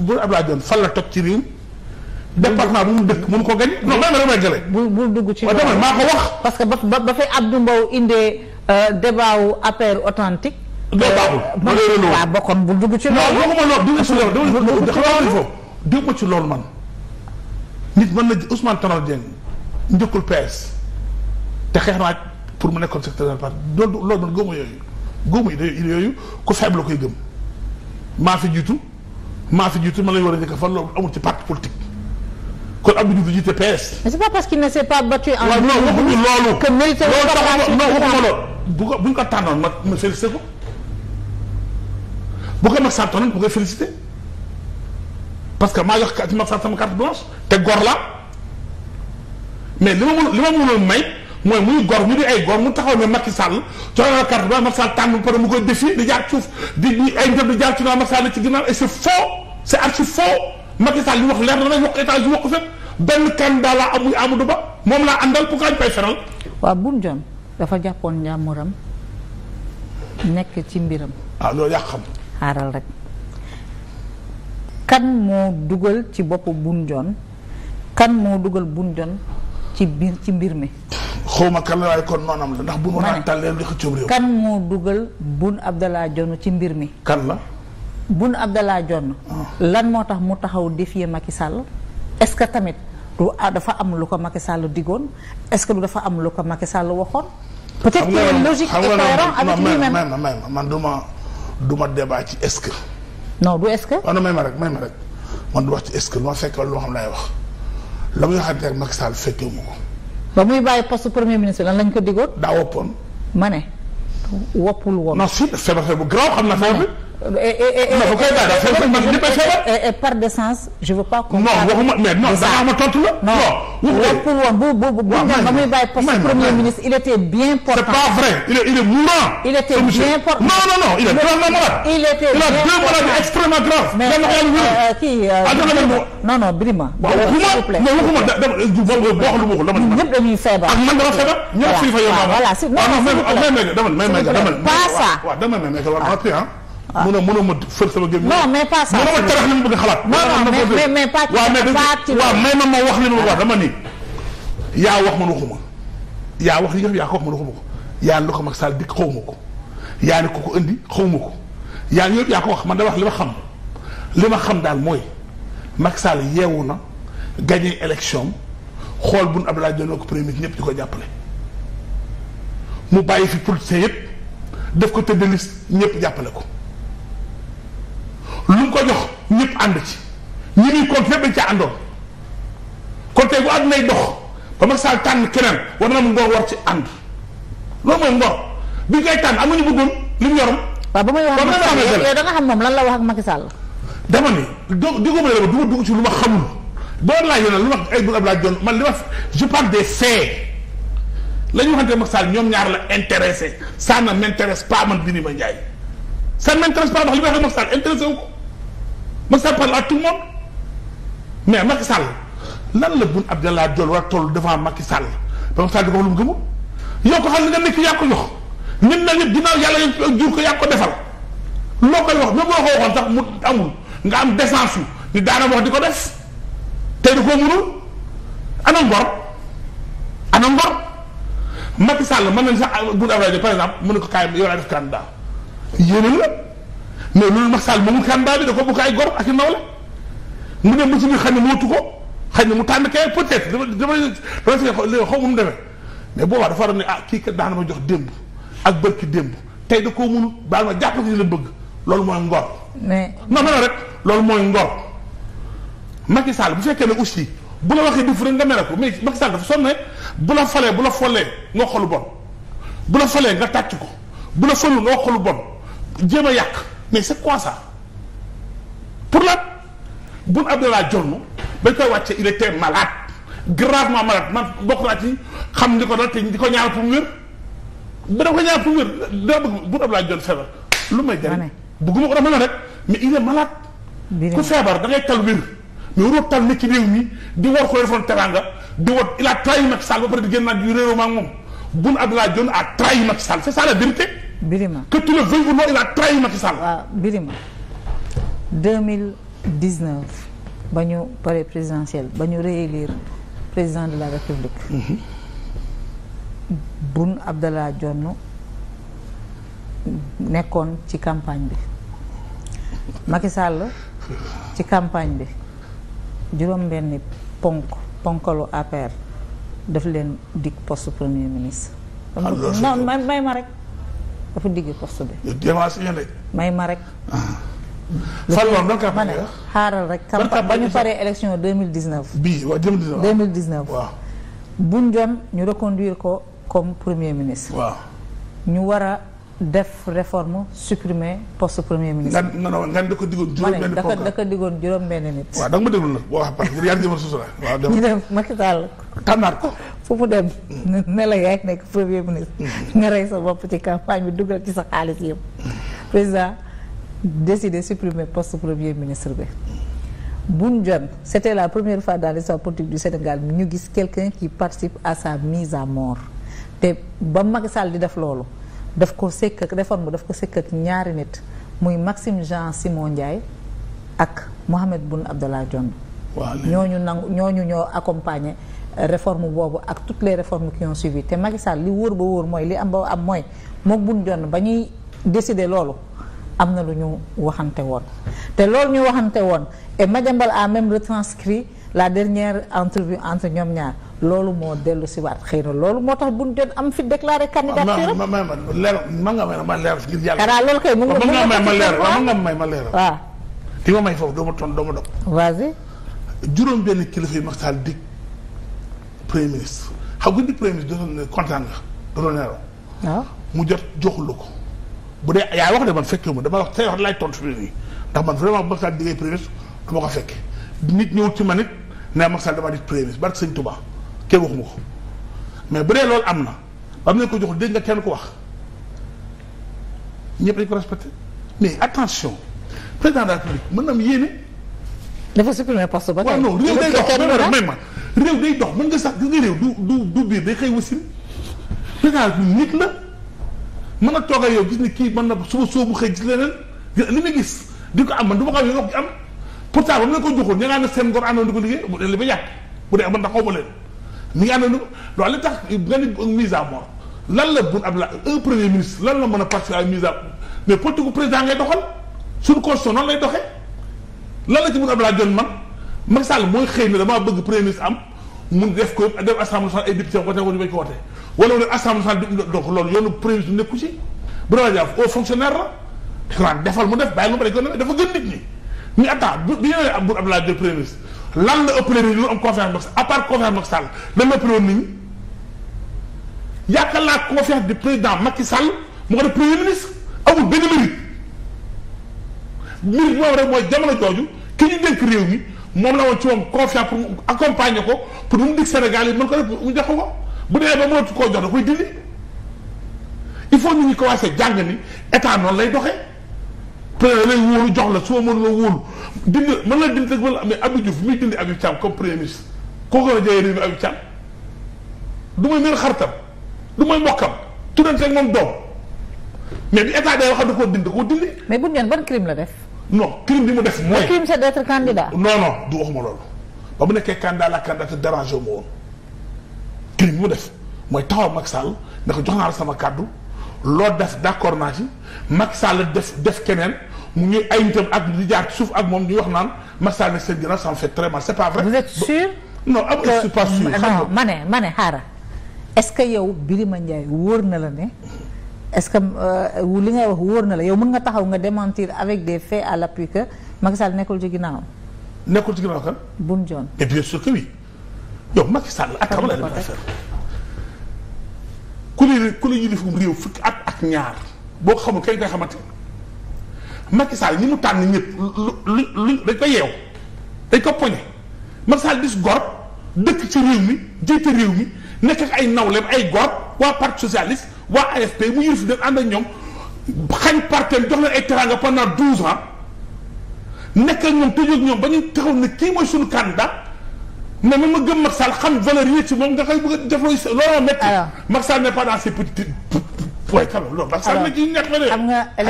bu Abdoulaye Dione fan la toog ci réew département bu mu dëkk mënu ko gagné. non même réglé. bu dugg ci loolu parce que ba ba fay Abdou Mbow indee euh, débat wu affaire authentique. débat wu euh, man de waaw ci loolu. non non ci ci loolu man. nit mën na Ousmane Tanor Dieng njëkkul PS te xeex naa pour mu nekkoon secrétaire parti loolu loolu man góobu yooyu góobu yi yooyu ku faible koy gëm maa fi jiitu. maa fi jiitu ma lay war a njëkk fan loolu amul ci parti politique kon Abdou Diouf jiite PS. mais c'est pas parce qu'il ne s'est pas battu en. waaw non waxuñu loolu. que mérité wu ko non waxuma loolu. bu ko bu ñu ko tànnoon ma ma félicité ko bu ko Macky Sall tànnoon bu koy félicité parce que maa jox ci Macky Sall sama carte blanche te gor la mais li ma mën li ma m may. mooy muy gor ñu di ay gor mu taxaw ne Macky Sall jox naa carte ba Macky Sall tànn pare mu koy défi di jaar suuf di ay njëb di jaar ci naa Macky Sall wax leer na nañ wax état yi wax ko fépp benn candidat laa am muy Amadou Ba moom laa àndal pour ñu koy feral. waaw Boun dafa jàppoon njàmmuram nekk ci mbiram. ah loolu yaa xam. xaaral rek kan moo dugal ci bopp Boun Dionne kan moo dugal Boun Dionne ci biir ci mbir mi. xawma kan la waaye kon noonam a moo dugal Boun Abdallah Dionne ci mbir mi kan la Boun Abdallah Dionne ah. lan moo tax mu taxaw défier Macky Sall est-ce que tamit du ah, dafa am lu ko Macky Sall digoon est-ce que du dafa am lu ko Macky Sall waxoon peut-être qu'il est man du ma du ma ci est-ce que non du ce que waaw ah, may ma rek may ma rek man wax ci est-ce que lu ma fekk lu ma xam laay wax la muy waxante ak Macky Sall ko ba muy bàyyi poste premier ministre lan lañ ko digoon. daa woppoon. ma ne woppul woon. non si feebar bu garaaw xam na feebar et par décence je veux pas. non waxuma mais non da ma tontu la. non bu bu bu ba muy bàyyi poste premier ministre il était bien portant. c'est pas vrai il est il est mourant. il était bien portant non non non il est gravement malade. il était bien portant il a deux maladies extrêmement graves. mais euh, kii. Euh, ah, non non Birima. s'il vous plaît waxuma waxuma dama ñëpp dañuy feebar. ak man dama feebar. ñëpp si fa yow. voilà si non ah, non mais ah, mais mais dama. pas ça. waaw dama mais mais war naa waaw ah. mun a ma fër sama gémmiñ. non mais pas ça mun a ma tarax li mu bëgg a xalaat. non non mais mais pas ci waaw mais ma ma wax ma wax yaa wax man waxuma yaa wax li nga yaa ko wax man waxuma ko yaa lu ko mag Sall ko yaa ko ko indi xawma ko yaa yëpp yaa wax man da wax li ma xam li ma xam daal mooy Macky Sall yeewu na gagné élection xool bu nu laa Dione ko premier ñëpp di ko jàppale mu bàyyi fi politiciens yëpp def ko tëdd liste ñëpp jàppale ko. lu mu ko jox ñëpp ànd ci ñi muy compte fépp dañ ca àndoon kon tey bu àddunay dox ba Macky Sall tànn keneen war na mu ngor war ci ànd loolu mooy ngor bi ngay tànn amuñu bëggoon li mu yoroon. waaw ba may wax yow da nga xam moom lan la wax ak Macky Sall. dama ni doo déggoo ma ne du ma dugg ci lu ma xamul boo laajee nag lu ma ay bu Abdoulaye Dione man li ma je parle des faits la ñu waxante Macky Sall ñoom ñaar la intéressé ça ne m'intéresse pas man Birima Ndiaye ça ne m'intéresse pas ndax li ma wax ak Macky Sall intéressé wu ko. ba ça parle la tout le mais Macky Sall lan la Boun Abdallah Dionne war a toll devant Macky Sall ba Macky Sall di ko wax lu mu yow ko xam ne nga nekk yaa ko jox nim na yëpp ginnaaw yàlla yëpp ko yaa ko defal loo koy wax même boo ko waxoon sax mu amul nga am décence yu ni daana wax di ko def tey da koo mënul ana ngor ana ngor man Sall mën nañ sax Boun Abdallah Dionne par exemple mun na ko kaay yow laa def candidat yéene la mais loolu Macky Sall moomul candidat bi da ko bokk ay gor ak i nawle mu ne mosu ñu xam ne mootu ko xëy na mu tànn kay peut-être dama dama dama xaw ma mu demee mais boobaa dafa ne ah kii kat daan ma jox démb ak bërki démb tey da koo mënul baal ma jàpp ni la bëgg loolu mooy ngor. mais non non rek loolu mooy ngor Macky Sall bu fekkee ne aussi bu la waxee dëgg rek nga mere ko mais Macky Sall dafa sonn bu la falee bu la follee nga xolu bon bu la falee nga tàcc ko bu la folu nga wax xolu bon jéem a yàq. mais c'est quoi ça pour la Boun Abdallah Dionne bañ koy wàcce il était malade gravement malade bokk naa xam ni ko dal te di ko ñaar pour mu ba ko ñaar pour mu wér dama bëgg Boun Abdallah Dionne feebar lu may jariñ bëgguma ko dama la rek mais il est malade ku feebar da ngay tal wér mais waroo tal ci réew mi di war ko defoon teranga di war il a trahi Macky Sall ba pare di génn naa di réew maa moom Boun Abdallah Dionne a trahi Macky Sall c'est ça la Birima que le veuilles ou non il a trahi Birima ba ñu paree présidentielle ba ñu réélire président de la République. Boun Abdallah Dionne nekkoon ci campagne bi Macky ci campagne bi juróom-benni ponk ponkalu APR daf leen dig poste premier ministre. Ah, may ma rek. dafa digg course bi. démarche yi de. may ma rek. Ah. Fane Ba ban campagne nga xaaral rek. campagne ba ñu paree élection 2019. bii waaw 2019 2019. waaw. Boundione ñu reconduire ko comme premier ministre. waaw ñu war a def réforme supprimer poste premier ministre. nga nga nga da ko diggoon juróom-benn kooku ma ne da ko diggoon juróom-benn nit. waaw da nga ma déglu nag boo wax parce que yaa ngi demoon suuf si waaw. ñu dem Macky Sall. tànnaat ko. fu mu dem ne la yaay nekk premier ministre mm-hmm. nga rey sa bopp ci campagne bi dugal ci sa xaalis yëpp mm-hmm. président décidé supprimer poste premier ministre bi Boun Dionne c'était la première fois dans l'histoire politique du Sénégal ñu gis quelqu'un qui participe à sa mise à mort te ba Macky Sall di def loolu daf ko sekk ak réforme daf ko sekk ak ñaari nit muy Maxime Jean Simon Ndiaye ak Mohamed Boun Abdallah Dionne ñooñu nangu ñooñu ñoo accompagner réforme boobu ak toutes les réformes qui ont suivi te Macky Sall li wóor ba wóor mooy li am ba am mooy mook buñ jonn ba ñuy décider loolu am na lu ñu waxante woon te loolu ñu waxante woon et Madiambal a même retranscrit la dernière entrevie entre ñoom ñaar loolu moo dellu si waat xëy na loolu moo tax buñ jot am fi déclaré candidature ma ma ma nga may ma leer nga may ma leer waaw ma nga may ma leer waaw di ma may foofu doo ma ton doo ma dog vas-y juróom benn kilifa yi Macky Sall premier ministre xam nga di premier ministre doon ne kontaan nga doon nelaw. Ah. waaw mu jot joxul ko. bu dee yaa wax de man fekkee ma dama wax tey wax laay tontu fi nii ndax man vraiment Macky Sall di ngay premier ministre dama ko fekke nit ñëwul ci man it ne Macky Sall damaa ko mais bu loolu am na am nañ ko jox dégg nga kenn ko wax ñëpp dañ ko respecté mais attention président de la mën na am yéene. dafa supprimer poste ba. waaw non réew day dox réew day dox mën nga sax gis nga réew du du du biir day xëy wasin président nit la mën a toog yow gis ni kii mën na suba soobu xëy gis leneen li muy gis di ko am man du ma xam yow nga ko am pourtant ba mu ko joxoon ña ngaa seen ngor àndoon di ko liggéey bu dee li ba yàq bu dee man na xaw ma leen mi ngi àndoon loolu tax nga ni mise à mort lan la bun Abdoulaye un premier ministre lan la mën a participer à mise à mais politique président ngay doxal suñu constitution noonu lay doxee lan la ci bun Abdoulaye Dione man Macky Sall mooy xëy mi damaa bëgg premier ministre am mun def ko def assemblée nationale ay député wote ko ñu bañ ko wote wala mu def assemblée nationale donc loolu yoonu premier ministre nekku ci Bourama Diouf defal mu def bàyyi lu mu gën nit ñi ñu attends bu bi ñëwee lan la ëppalee nit ñi am confiance Macky à part confiance Macky Sall lan la Sall mu ko def premier ministre amul benn mérite mooy jamono jooju ki ñu dénk réew mi. moom la woon ci moom confiance pour mu accompagner ko pour mu dig Sénégal yi mën ko def mu jox ko bu demee ba mënatu koo jox da koy dindi il faut nit ñi commencé jàng ni état noonu lay doxee président lay wóolu jox la su ma mënula wóolu dindi mën la dindi rek mën la amee Abdou Diouf mi dindi Habib Thiam comme premier ministre kooku la jëlee réew mi Habib Thiam du may mel xaritam du may mbokkam tuddante ak moom doom mais bi état day wax da koo dindi koo dindi. mais bu ñu ban crime la def. non crime bi mu def mooy. le crime c'est d'être candidat. non non du waxuma loolu ba mu nekkee candidat la candidat dérangé ma woon crime bi mu def mooy taxaw Macky Sall ne jox naa la sama kàddu loo def d'accord naa ci Macky Sall def def keneen mu ñuy ay nitam ak di jaar suuf ak moom ñuy wax naan Macky Sall ne seen ginnaaw ça me fait très mal c'est pas vrai. vous êtes sûr. non ab je xam nga non ma ne ma ne xaaral est-ce que yow Birima Ndiaye wóor na la ne. est-ce que euh, li ngay wax wóor na la yow mën nga taxaw nga démentir avec des faits à l'appui que Macky nekkul ci ginnaaw. nekkul ci ginnaaw kan. Boun Dionne. mais bien sûr la affaire ku ne ku ne uniforme réew fukki at ak ñaar boo xamul kay nga xamante Macky Sall ñi mu tànn ñëpp lu lu dañ ko yeew dañ ko poñe Macky Sall dis dëkk ci réew mi jiite réew mi nekk ak ay nawleem ay gor waa parti socialiste. waa AFP mu yilif dem ànd ak ñoom xañ parteem jox leen ay teranga pendant douze ans nekk a ñoom tëjoog ñoom ba ñu taxaw ne kii mooy suñu candidat mais même ma gëm Macky Sall xam valeur yi ci moom nga bëgg a def looy looloo métti. alors Macky Sall n'est pas dans ses petites waaye xam nga loolu. Macky Sall nekk ci ñàkk